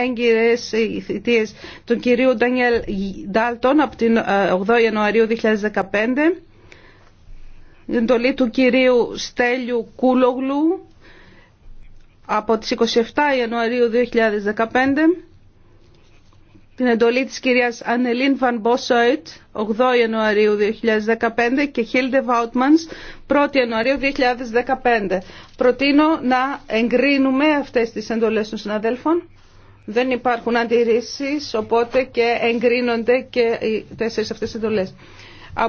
έγκυρες θητείες του κυρίου Ντανιέλ Ντάλτον από την 8 ε, Ιανουαρίου 2015, την εντολή του κυρίου Στέλιου Κούλογλου από τις 27 Ιανουαρίου 2015, την εντολή της κυρίας Ανελίν Βαν Μπόσοιτ 8 Ιανουαρίου 2015 και Χίλντε Βάουτμανς 1 Ιανουαρίου 2015. Προτείνω να εγκρίνουμε αυτές τις εντολές των συναδέλφων. Δεν υπάρχουν αντιρρήσεις, οπότε και εγκρίνονται και οι τέσσερις αυτές εντολές.